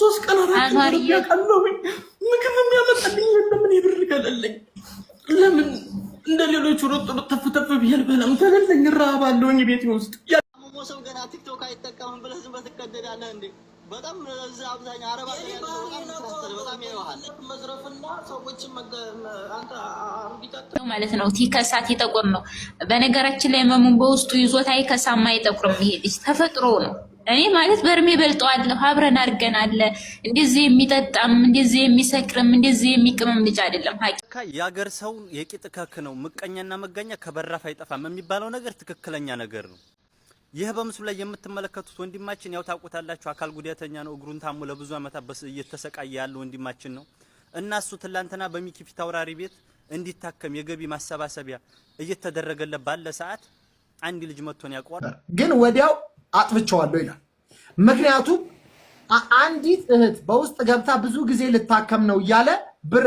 ሶስት ቀን አራት ምግብ የሚያመጣልኝ ለምን ብር ከሌለኝ ለምን እንደ ሌሎቹ ሮጥ ተፍ ተፍ ብዬ አልበላም። ከሌለኝ እራባለሁኝ ቤቴ ውስጥ ሰው ገና ቲክቶክ አይጠቀምም ብለህ ዝም ብለህ ትቀደዳለህ እንዴ? በጣም እዚያ አብዛኛው አረብ ማለት ነው ከሳ ይጠቁር ነው። በነገራችን ላይ መሙን በውስጡ ይዞታ ከሳማ አይጠቁርም። ይሄ ልጅ ተፈጥሮ ነው። እኔ ማለት በእድሜ በልጠዋለሁ። አብረን አለ እንደዚህ የሚጠጣም እንደዚህ የሚሰክርም እንደዚህ የሚቅምም ልጅ አይደለም። ሀቂ የአገር ሰው የቂጥ ከክ ነው። ምቀኛና መጋኛ ከበራፍ አይጠፋም የሚባለው ነገር ትክክለኛ ነገር ነው። ይህ በምስሉ ላይ የምትመለከቱት ወንድማችን ያው ታውቁታላችሁ፣ አካል ጉዳተኛ ነው። እግሩን ታሞ ለብዙ ዓመታት እየተሰቃየ ያለ ወንድማችን ነው እና እሱ ትላንትና በሚኪ ፊት አውራሪ ቤት እንዲታከም የገቢ ማሰባሰቢያ እየተደረገለት ባለ ሰዓት አንድ ልጅ መጥቶን ያውቀዋል ግን ወዲያው አጥብቸዋለሁ ይላል። ምክንያቱም አንዲት እህት በውስጥ ገብታ ብዙ ጊዜ ልታከም ነው እያለ ብር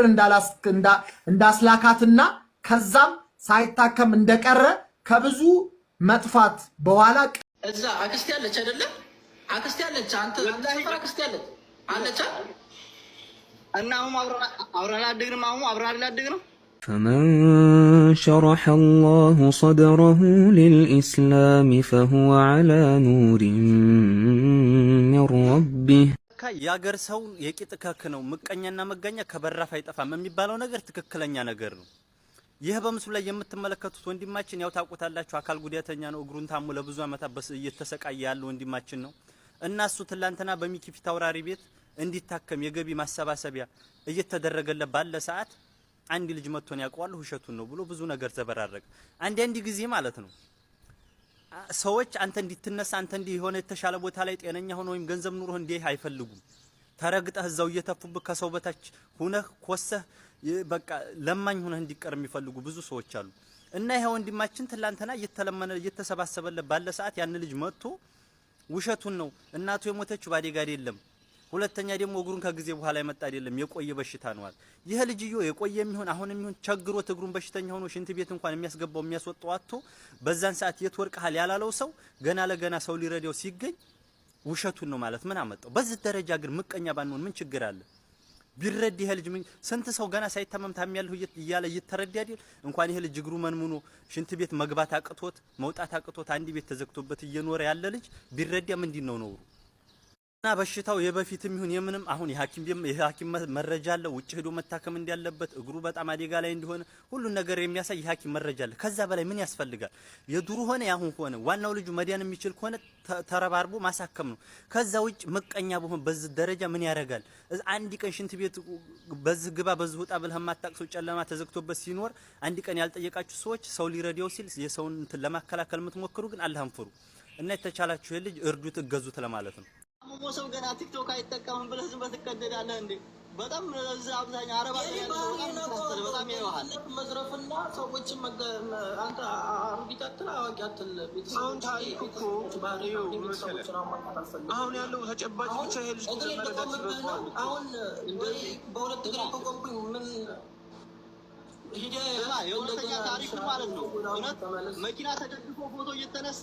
እንዳስላካትና ከዛም ሳይታከም እንደቀረ ከብዙ መጥፋት በኋላ እዛ አክስቴ አለች አይደለ? አክስቴ አለች፣ አንተ አክስቴ አለች አለች እና አሁን አብረን አድግ ነው አሁን አብረን አድግ ነው فمن شرح الله صدره للإسلام فهو على نور من ربه የአገር ሰው የቂጥ ከክ ነው። ምቀኛና መጋኛ ከበራፍ አይጠፋም የሚባለው ነገር ትክክለኛ ነገር ነው። ይህ በምስሉ ላይ የምትመለከቱት ወንድማችን ያው ታውቁታላችሁ፣ አካል ጉዳተኛ ነው። እግሩን ታሞ ለብዙ ዓመታት በስ እየተሰቃየ ያለ ወንድማችን ነው እና እሱ ትላንትና በሚኪ ፊት አውራሪ ቤት እንዲታከም የገቢ ማሰባሰቢያ እየተደረገለት ባለ ሰዓት አንድ ልጅ መጥቶን ያውቀዋል ውሸቱን ነው ብሎ ብዙ ነገር ዘበራረቀ። አንድ አንድ ጊዜ ማለት ነው ሰዎች አንተ እንዲትነሳ አንተ እንዲህ የሆነ የተሻለ ቦታ ላይ ጤነኛ ሆነ ወይም ገንዘብ ኑሮ እንዲህ አይፈልጉም። ተረግጠህ እዛው እየተፉብህ ከሰው በታች ሁነህ ኮሰህ በቃ ለማኝ ሁነህ እንዲቀር የሚፈልጉ ብዙ ሰዎች አሉ። እና ይሄ ወንድማችን ትላንትና እየተለመነ እየተሰባሰበለት ባለ ሰዓት ያን ልጅ መጥቶ ውሸቱን ነው እናቱ የሞተችው ባዴጋድ የለም ሁለተኛ ደግሞ እግሩን ከጊዜ በኋላ የመጣ አይደለም የቆየ በሽታ ነዋል። ይህ ልጅዮ የቆየ የሚሆን አሁን የሚሆን ቸግሮት እግሩን በሽተኛ ሆኖ ሽንት ቤት እንኳን የሚያስገባው የሚያስወጣው አቶ በዛን ሰዓት የት ወርቀሃል ያላለው ሰው ገና ለገና ሰው ሊረዳው ሲገኝ ውሸቱን ነው ማለት ምን አመጣው? በዚህ ደረጃ ግን ምቀኛ ባንሆን ምን ችግር አለ? ቢረድ ይሄ ልጅ ምን ስንት ሰው ገና ሳይታመም ታሚያለሁ እያለ እየተረዳ አይደል? እንኳን ይሄ ልጅ እግሩ መንሙኖ ሽንት ቤት መግባት አቅቶት መውጣት አቅቶት አንድ ቤት ተዘግቶበት እየኖረ ያለ ልጅ ቢረዳ ምንድን ነው ነውሩ? እና በሽታው የበፊትም ይሁን የምንም አሁን የሐኪም መረጃ አለ። ውጭ ሄዶ መታከም እንዳለበት እግሩ በጣም አደጋ ላይ እንደሆነ ሁሉን ነገር የሚያሳይ የሐኪም መረጃ አለ። ከዛ በላይ ምን ያስፈልጋል? የዱሩ ሆነ ያሁን ሆነ ዋናው ልጁ መዳን የሚችል ከሆነ ተረባርቦ ማሳከም ነው። ከዛ ውጭ ምቀኛ በሆን በዚህ ደረጃ ምን ያደርጋል? አንድ ቀን ሽንት ቤት በዚህ ግባ በዚህ ውጣ ብለህ የማታውቅ ጨለማ ተዘግቶበት ሲኖር አንድ ቀን ያልጠየቃችሁ ሰዎች ሰው ሊረዳው ሲል የሰውን ለማከላከል የምትሞክሩ ግን አላህን ፍሩ እና የተቻላችሁ ልጅ እርዱት፣ እገዙት ለማለት ነው። ሙሞ ሰው ገና ቲክቶክ አይጠቀምም ብለህ ዝም በትቀደዳለህ እንዴ? በጣም ለዛ አብዛኛው አረባ በጣም ይዋሃል መዝረፍና ሰዎችን አንተ አርቢታትን አዋቂ አትል ቤተሰቦች ታሪክ እኮ አሁን ያለው ተጨባጭ ብቻ ይሄ ልጅ አሁን በሁለት እግር ተቆምኩኝ ምን ሂዳ የሁለተኛ ታሪክ ማለት ነው። እውነት መኪና ተደግፎ ፎቶ እየተነሳ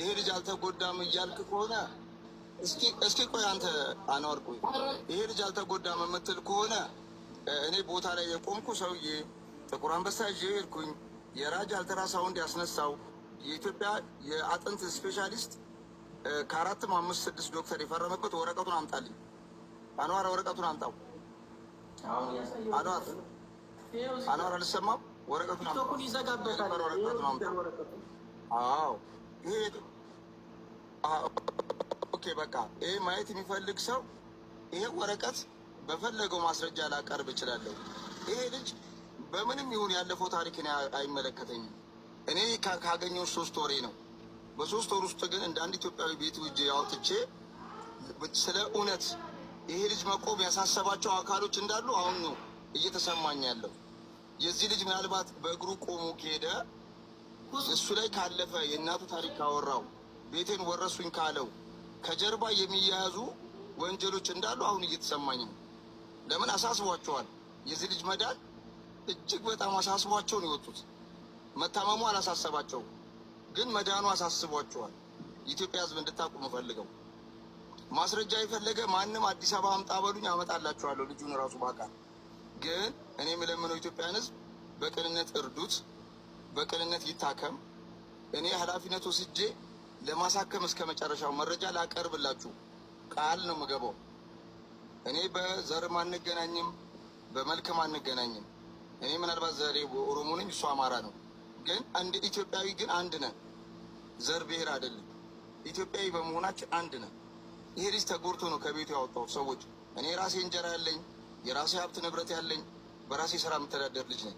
ይሄ ልጅ አልተጎዳም እያልክ ከሆነ እስኪ ቆይ አንተ አኗር ቆይ፣ ይሄ ልጅ አልተጎዳም የምትል ከሆነ እኔ ቦታ ላይ የቆምኩ ሰውዬ ጥቁር አንበሳ ይዤ ሄድኩኝ። የራጅ አልትራሳውንድ ያስነሳው የኢትዮጵያ የአጥንት ስፔሻሊስት ከአራትም አምስት ስድስት ዶክተር የፈረመበት ወረቀቱን አምጣልኝ። አኗር ወረቀቱን አምጣው። አኗር አኗር አልሰማም። ወረቀቱን አምጣው። ይሄ ኦኬ በቃ ይህ ማየት የሚፈልግ ሰው ይሄ ወረቀት በፈለገው ማስረጃ ላቀርብ እችላለሁ። ይሄ ልጅ በምንም ይሁን ያለፈው ታሪክን አይመለከተኝም። እኔ ካገኘው ሶስት ወሬ ነው። በሶስት ወር ውስጥ ግን እንደ አንድ ኢትዮጵያዊ ቤት ውጅ ያውጥቼ ስለ እውነት ይሄ ልጅ መቆም ያሳሰባቸው አካሎች እንዳሉ አሁን ነው እየተሰማኝ ያለው። የዚህ ልጅ ምናልባት በእግሩ ቆሞ ከሄደ እሱ ላይ ካለፈ የእናቱ ታሪክ ካወራው ቤቴን ወረሱኝ ካለው ከጀርባ የሚያያዙ ወንጀሎች እንዳሉ አሁን እየተሰማኝ ነው። ለምን አሳስቧቸዋል። የዚህ ልጅ መዳን እጅግ በጣም አሳስቧቸው ነው የወጡት። መታመሙ አላሳሰባቸው፣ ግን መዳኑ አሳስቧቸዋል። የኢትዮጵያ ሕዝብ እንድታቁ ምፈልገው ማስረጃ የፈለገ ማንም አዲስ አበባ አምጣ በሉኝ አመጣላችኋለሁ። ልጁን ራሱ ባቃል። ግን እኔ የምለምነው ኢትዮጵያን ሕዝብ በቅንነት እርዱት፣ በቅንነት ይታከም። እኔ ኃላፊነት ወስጄ ለማሳከም እስከ መጨረሻው መረጃ ላቀርብላችሁ ቃል ነው የምገባው። እኔ በዘርም አንገናኝም፣ በመልክም አንገናኝም። እኔ ምናልባት ዛሬ ኦሮሞ ነኝ፣ እሱ አማራ ነው። ግን እንደ ኢትዮጵያዊ ግን አንድ ነን። ዘር ብሔር አይደለም። ኢትዮጵያዊ በመሆናችን አንድ ነን። ይሄ ልጅ ተጎድቶ ነው ከቤቱ ያወጣው ሰዎች። እኔ የራሴ እንጀራ ያለኝ የራሴ ሀብት ንብረት ያለኝ በራሴ ስራ የምተዳደር ልጅ ነኝ።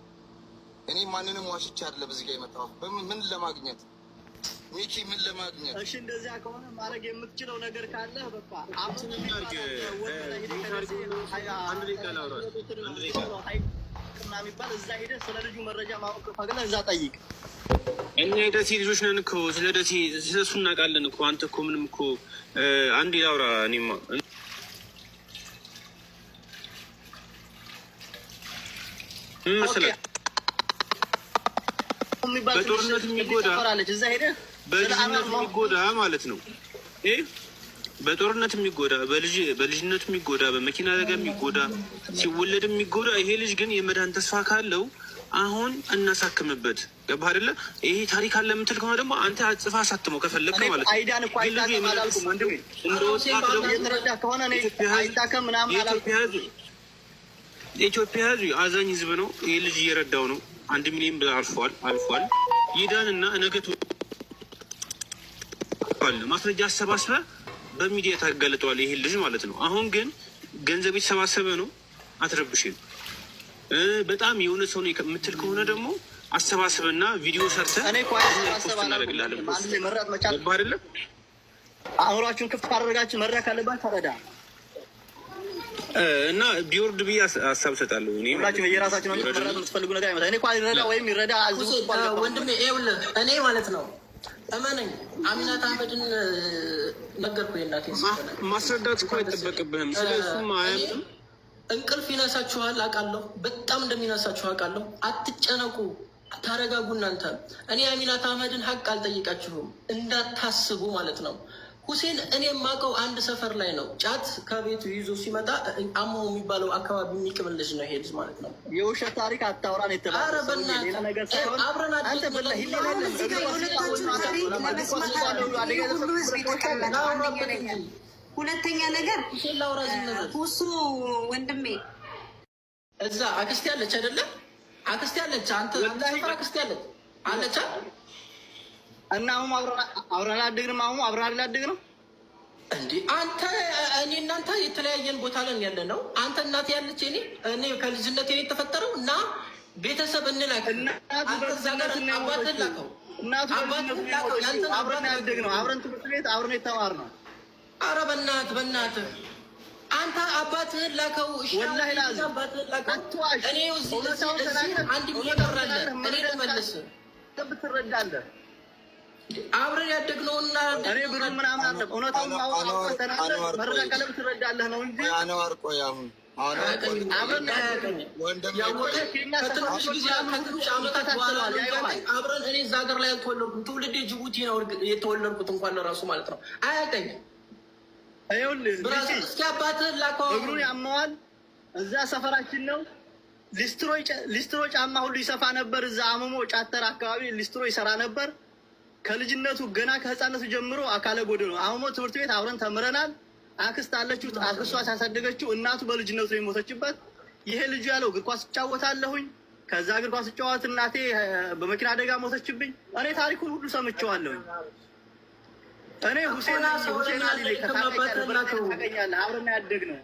እኔ ማንንም ዋሽቻ አይደለም እዚህ ጋ የመጣሁት ምን ለማግኘት ሚኪ ምን ለማግኘት? እሺ እንደዚያ ከሆነ ማድረግ የምትችለው ነገር ካለ በቃ አሁን የሚባል እዛ ሄደ ስለ ልጁ መረጃ ማወቅ ከፈለግህ እዛ ጠይቅ። እኛ የደሴ ልጆች ነን እኮ ስለ ደሴ ስለ እሱ እናውቃለን እኮ። አንተ እኮ ምንም እኮ አንድ ላውራ እኔማ ምን መሰለህ በጦርነት የሚጎዳ በልጅነት የሚጎዳ ማለት ነው። በጦርነት የሚጎዳ በልጅነቱ የሚጎዳ በመኪና አደጋ የሚጎዳ ሲወለድ የሚጎዳ ይሄ ልጅ ግን የመዳን ተስፋ ካለው አሁን እናሳክምበት። ገባህ አይደለ? ይሄ ታሪክ አለ የምትል ከሆነ ደግሞ አንተ አጽፋ አሳትመው ከፈለግ ማለት ነው። ኢትዮጵያ ህዝብ አዛኝ ህዝብ ነው። ይህ ልጅ እየረዳው ነው። አንድ ሚሊዮን ብር አልፏል አልፏል። ይዳንና ነገ አለ ማስረጃ አሰባስበ በሚዲያ ታጋልጠዋል። ይሄን ልጅ ማለት ነው። አሁን ግን ገንዘብ የተሰባሰበ ነው። አትረብሽም። በጣም የሆነ ሰው የምትል ከሆነ ደግሞ አሰባስብና ቪዲዮ ሰርተ አደለ አእምሯችሁን ክፍት ካደረጋችሁ መድረክ ካለባት ታረዳ እና ቢወርድ ብዬ ሀሳብ እሰጣለሁ። እኔ ሁላችሁም ነው የምትፈልጉ ነገር አይመጣም። እኔ እኮ ይረዳ ወይም ይረዳ ወንድሜ እኔ ማለት ነው እመነኝ አሚናት አህመድን ነገርኩ። የእናቴን ማስረዳት እኮ አይጠበቅብህም። ስለሱም አያም እንቅልፍ ይነሳችኋል አውቃለሁ፣ በጣም እንደሚነሳችሁ አውቃለሁ። አትጨነቁ፣ ታረጋጉ። እናንተ እኔ አሚናት አህመድን ሀቅ አልጠይቃችሁም እንዳታስቡ ማለት ነው። ሁሴን እኔ የማውቀው አንድ ሰፈር ላይ ነው። ጫት ከቤቱ ይዞ ሲመጣ አሞ የሚባለው አካባቢ የሚቅምልሽ ነው ሄድ ማለት ነው። የውሸት ታሪክ አታውራን የተባለአብረናአብረናሁለተኛ ሁለተኛ ነገር ሁሱ ወንድሜ እዛ አክስቴ አለች አይደለም? አክስቴ አለች አንተ አክስቴ አለች አለቻ እና አሁን አብረን አላደግንም። አሁን አብረን አላደግንም። እንደ አንተ እኔ እናንተ የተለያየን ቦታ ላይ ያለ ነው። አንተ እናት ያለች እኔ እኔ ከልጅነት እኔ የተፈጠረው እና ቤተሰብ እንላክ እዛ ጋር አባት ላከው አብረን አንተ አባትህን ላከው። እኔ እዚህ አንድ የሚያቀራለን እኔ ልመልስ ብትረዳለህ አብረን ያደግነውና እኔ ብሩ ምናምን አለ እውነታውን መረጃ ቀለም ትረዳለህ ነው እንጂ አነዋር ቆይ አሁን ከትንሽ አብረን እኔ እዛ ሀገር ላይ አልተወለድኩም። ትውልዴ ጅቡቲ ነው የተወለድኩት እንኳን ለራሱ ማለት ነው አያውቀኝም። እስኪ አባትህን ላከው። እግሩን ያመዋል። እዛ ሰፈራችን ነው ሊስትሮ ጫማ ሁሉ ይሰፋ ነበር። እዛ አመሞ ጫተር አካባቢ ሊስትሮ ይሰራ ነበር። ከልጅነቱ ገና ከህፃነቱ ጀምሮ አካለ ጎደ ነው። አሁሞ ትምህርት ቤት አብረን ተምረናል። አክስት አለችው፣ አክስቷ ያሳደገችው እናቱ በልጅነቱ ነው የሞተችበት። ይሄ ልጁ ያለው እግር ኳስ እጫወታለሁኝ፣ ከዛ እግር ኳስ እጫወት እናቴ በመኪና አደጋ ሞተችብኝ። እኔ ታሪኩን ሁሉ ሰምቼዋለሁኝ። እኔ ሁሴን ሁሴን አሊ ታገኛለህ፣ አብረን ያደግነው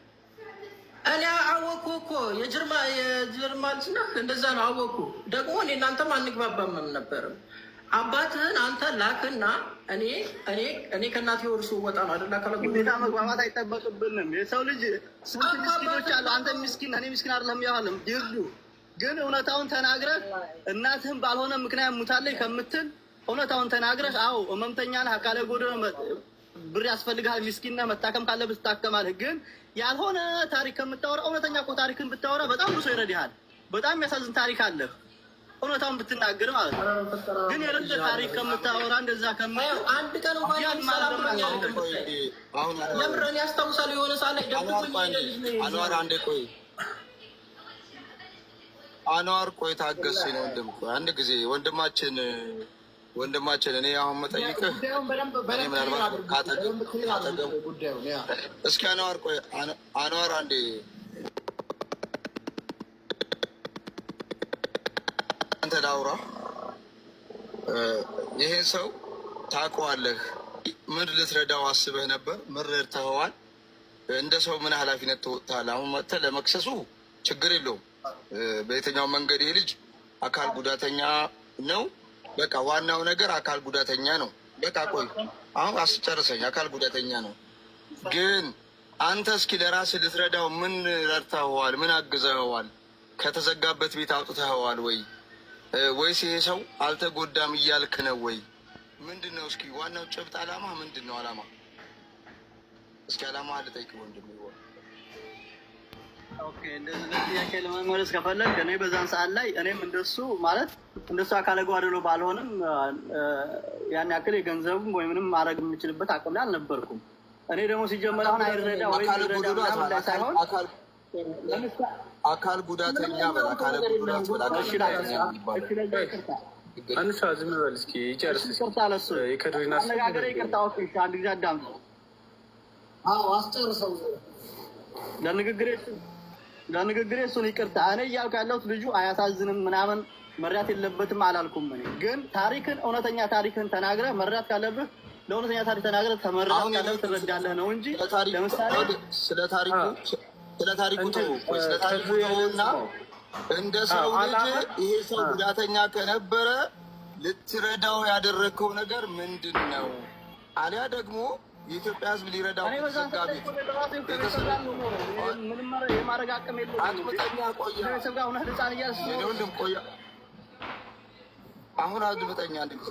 እኔ አወኩ እኮ የጀርማ የጀርማ ልጅ ነህ። እንደዛ ነው አወኩ። ደግሞ እኔ እናንተም አንግባባምም ነበርም አባትህን አንተ ላክና እኔ እኔ እኔ ከእናቴ ወርሱ ወጣ ነው አይደል? አካለ ሁኔታ መግባባት አይጠበቅብንም። የሰው ልጅ ስንት ምስኪኖች አሉ። አንተ ምስኪን እኔ ምስኪን አይደለም ያለም ይርዱ ግን እውነታውን ተናግረህ እናትህን ባልሆነ ምክንያት ሙታለች ከምትል እውነታውን ተናግረህ አዎ ህመምተኛ ነህ፣ አካለ ጎደሎ ብር ያስፈልግሃል፣ ምስኪን ነህ፣ መታከም ካለብህ ትታከማለህ። ግን ያልሆነ ታሪክ ከምታወራ እውነተኛ እኮ ታሪክን ብታወራ በጣም ብሶ ይረዳሃል። በጣም የሚያሳዝን ታሪክ አለህ። እውነታውን ብትናገር ማለት ነው። ግን የረደ ታሪክ ከምታወራ እንደዛ አንድ ቀን እንኳን ያስታውሳሉ የሆነ ሰዓት ላይ አንዴ ቆይ አንዋር ቆይ ታገስ ነው ወንድም አንድ ጊዜ ወንድማችን ወንድማችን እኔ አሁን መጠይቅህ ምናልባት ካጠገብ እስኪ አንዋር ቆይ አንዋር አንዴ ላውራ። ይሄ ሰው ታውቀዋለህ። ምን ልትረዳው አስበህ ነበር? ምን ረድተኸዋል? እንደ ሰው ምን ኃላፊነት ተወጥታል? አሁን መጥተህ ለመክሰሱ ችግር የለውም። በየትኛው መንገድ ይህ ልጅ አካል ጉዳተኛ ነው። በቃ ዋናው ነገር አካል ጉዳተኛ ነው። በቃ ቆይ አሁን አስጨርሰኝ። አካል ጉዳተኛ ነው ግን አንተ እስኪ ለራስ ልትረዳው ምን ረድተኸዋል? ምን አግዘኸዋል? ከተዘጋበት ቤት አውጥተኸዋል ወይ? ወይስ ይሄ ሰው አልተጎዳም እያልክ ነው ወይ? ምንድን ነው እስኪ ዋናው ጭብጥ አላማ ምንድን ነው? አላማ እስኪ አላማ ልጠይቅ ወንድም። ኦኬ እንደዚህ ጥያቄ ለመመለስ ከፈለግ እኔ በዛን ሰዓት ላይ እኔም እንደሱ ማለት እንደሱ አካለ ጓደሎ ባልሆንም ያን ያክል የገንዘብም ወይምንም ማድረግ የምችልበት አቅም ላይ አልነበርኩም። እኔ ደግሞ ሲጀመር አሁን አይረዳ ወይም ሳይሆን አካል ጉዳተኛ በአካል ጉዳት አንሳ ዝም በል እስኪ ይጨርስ። የከድሪና አነጋገር ይቅርታ አንድ ጊዜ አዳምጡ። አስጨርሰው ለንግግሬ እሱን ይቅርታ። እኔ እያልኩ ያለሁት ልጁ አያሳዝንም ምናምን መርዳት የለበትም አላልኩም። እኔ ግን ታሪክን እውነተኛ ታሪክን ተናግረህ መርዳት ካለብህ ለእውነተኛ ታሪክ ተናግረህ ተመርዳት ካለብህ ትረዳለህ ነው እንጂ ለምሳሌ ስለ ታሪኩ ስለታሪኩ ተው፣ ስለታሪኩ ተውና እንደ ሰው ልጅ ይሄ ሰው ጉዳተኛ ከነበረ ልትረዳው ያደረግከው ነገር ምንድን ነው? አሊያ ደግሞ የኢትዮጵያ ሕዝብ ሊረዳው ዘጋቢ አቅምጠኛ አሁን አድምጠኛ አንድ ጊዜ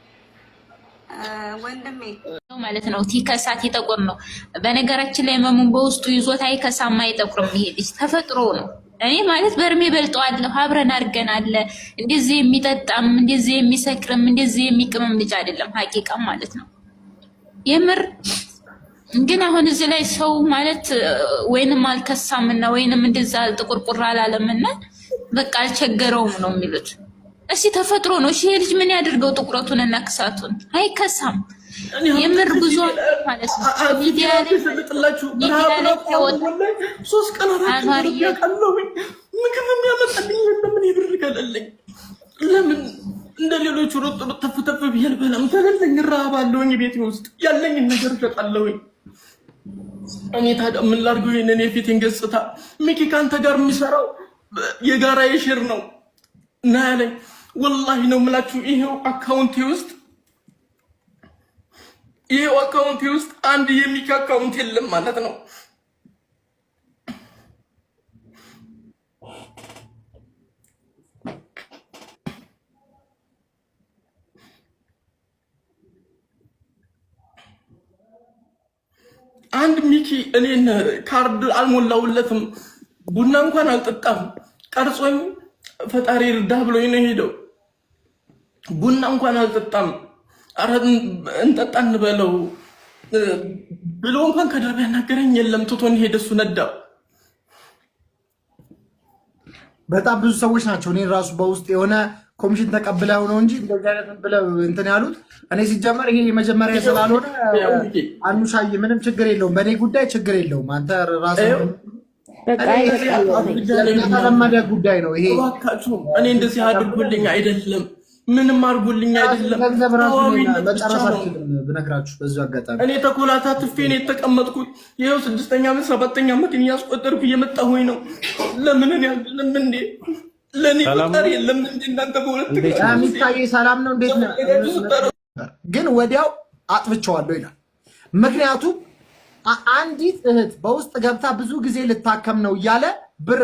ወንድሜ ማለት ነው። ከሳት ይጠቁር ነው። በነገራችን ላይ መሙን በውስጡ ይዞት አይከሳም፣ አይጠቁርም። ይሄ ልጅ ተፈጥሮ ነው። እኔ ማለት በእድሜ በልጠዋለሁ፣ አብረን አለ። እንደዚህ የሚጠጣም እንደዚህ የሚሰክርም እንደዚህ የሚቅምም ልጅ አይደለም። ሀቂቃም ማለት ነው የምር ግን አሁን እዚህ ላይ ሰው ማለት ወይንም አልከሳምና ወይንም እንደዛ ጥቁርቁር አላለምና በቃ አልቸገረውም ነው የሚሉት። እሺ ተፈጥሮ ነው። እሺ ልጅ ምን ያደርገው ጥቁረቱን እና ክሳቱን አይከሳም። የምር ጉዞ ማለት ነው። ሶስት ቀን የሚያመጣልኝ ለምን እንደ ሌሎቹ ሮጥ ተፍ ተፍ ብዬ አልበላም። ተገለኝ ረሃብ ቤት ውስጥ ያለኝን ነገር እሸጣለሁኝ። እኔ ታዲያ ምን ላድርገው? ይህንን የፊቴን ገጽታ ሚኪ ከአንተ ጋር የሚሰራው የጋራ የሽር ነው እና ያለኝ ወላሂ ነው የምላችሁ። ይሄው አካውንቴ ውስጥ ይሄው አካውንቴ ውስጥ አንድ የሚካ አካውንት የለም ማለት ነው። አንድ ሚኪ እኔን ካርድ አልሞላውለትም፣ ቡና እንኳን አልጠጣም፣ ቀርጾኝ ፈጣሪ እርዳ ብሎኝ ነው የሄደው። ቡና እንኳን አልጠጣም። አረ እንጠጣ እንበለው ብሎ እንኳን ከደርብ ያናገረኝ የለም። ትቶን ሄደ፣ እሱ ነዳ። በጣም ብዙ ሰዎች ናቸው። እኔ ራሱ በውስጥ የሆነ ኮሚሽን ተቀብለ ነው እንጂ እንደዚህ አይነት ብለው እንትን ያሉት። እኔ ሲጀመር ይሄ የመጀመሪያ ስላልሆነ አኑሻይ ምንም ችግር የለውም፣ በእኔ ጉዳይ ችግር የለውም። አንተ ራሱ የተለመደ ጉዳይ ነው ይሄ። እኔ እንደዚህ አድርጉልኝ አይደለም ምንም አድርጎልኝ አይደለም። ብነግራችሁ በዚሁ አጋጣሚ እኔ ተኮላታ ትፌን የተቀመጥኩት ይኸው ስድስተኛ ዓመት ሰባተኛ ዓመትን እያስቆጠርኩ እየመጣሁኝ ነው። ለምን እኔ አይደለም እንዴ ለእኔ ቁጠር የለም እንዴ እናንተ በሁለት ሚታየ ሰላም ነው እንዴት ግን ወዲያው አጥብቸዋለሁ ይላል። ምክንያቱም አንዲት እህት በውስጥ ገብታ ብዙ ጊዜ ልታከም ነው እያለ ብር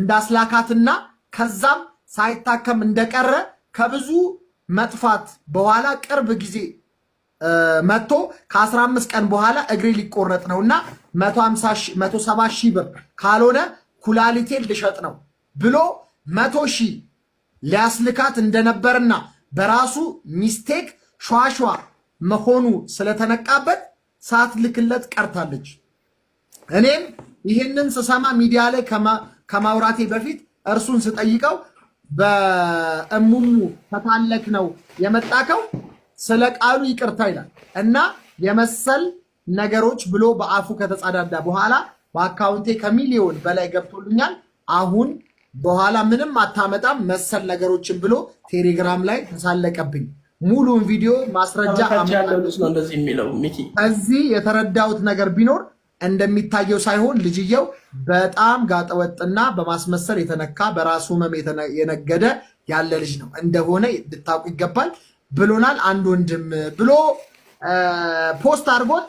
እንዳስላካትና ከዛም ሳይታከም እንደቀረ ከብዙ መጥፋት በኋላ ቅርብ ጊዜ መጥቶ ከ15 ቀን በኋላ እግሬ ሊቆረጥ ነው እና 170 ሺህ ብር ካልሆነ ኩላሊቴን ልሸጥ ነው ብሎ መቶ ሺህ ሊያስልካት እንደነበርና በራሱ ሚስቴክ ሸዋሸዋ መሆኑ ስለተነቃበት ሳትልክለት ቀርታለች። እኔም ይህንን ስሰማ ሚዲያ ላይ ከማውራቴ በፊት እርሱን ስጠይቀው በእሙሙ ተታለክ ነው የመጣከው ስለ ቃሉ ይቅርታ ይላል እና የመሰል ነገሮች ብሎ በአፉ ከተጻዳዳ በኋላ በአካውንቴ ከሚሊዮን በላይ ገብቶልኛል። አሁን በኋላ ምንም አታመጣም መሰል ነገሮችን ብሎ ቴሌግራም ላይ ተሳለቀብኝ። ሙሉን ቪዲዮ ማስረጃ እንደዚህ የሚለው እዚህ የተረዳሁት ነገር ቢኖር እንደሚታየው ሳይሆን ልጅየው በጣም ጋጠወጥና በማስመሰል የተነካ በራሱ ህመም የነገደ ያለ ልጅ ነው እንደሆነ ልታውቁ ይገባል ብሎናል። አንድ ወንድም ብሎ ፖስት አድርጎት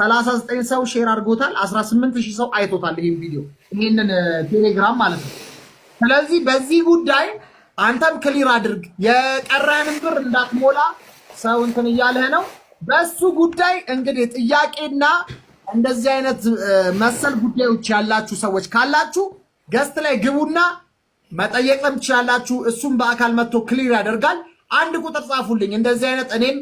39 ሰው ሼር አድርጎታል። 18 ሺህ ሰው አይቶታል ይህን ቪዲዮ ይህንን ቴሌግራም ማለት ነው። ስለዚህ በዚህ ጉዳይ አንተም ክሊር አድርግ። የቀረህንም ብር እንዳትሞላ ሰው እንትን እያለህ ነው። በሱ ጉዳይ እንግዲህ ጥያቄና እንደዚህ አይነት መሰል ጉዳዮች ያላችሁ ሰዎች ካላችሁ ገስት ላይ ግቡና መጠየቅም ትችላላችሁ። እሱም በአካል መጥቶ ክሊር ያደርጋል። አንድ ቁጥር ጻፉልኝ። እንደዚህ አይነት እኔም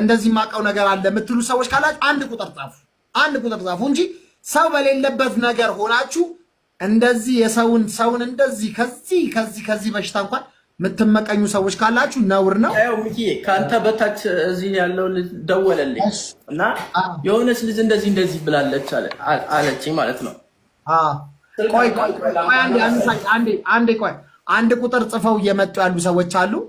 እንደዚህ ማውቀው ነገር አለ የምትሉ ሰዎች ካላችሁ አንድ ቁጥር ጻፉ፣ አንድ ቁጥር ጻፉ እንጂ ሰው በሌለበት ነገር ሆናችሁ እንደዚህ የሰውን ሰውን እንደዚህ ከዚህ ከዚህ ከዚህ በሽታ እንኳን የምትመቀኙ ሰዎች ካላችሁ ነውር ነው። ከአንተ በታች እዚህ ያለው ልጅ ደወለልኝ እና የሆነች ልጅ እንደዚህ እንደዚህ ብላለች አለችኝ ማለት ነው። አንድ ቁጥር ጽፈው እየመጡ ያሉ ሰዎች አሉ።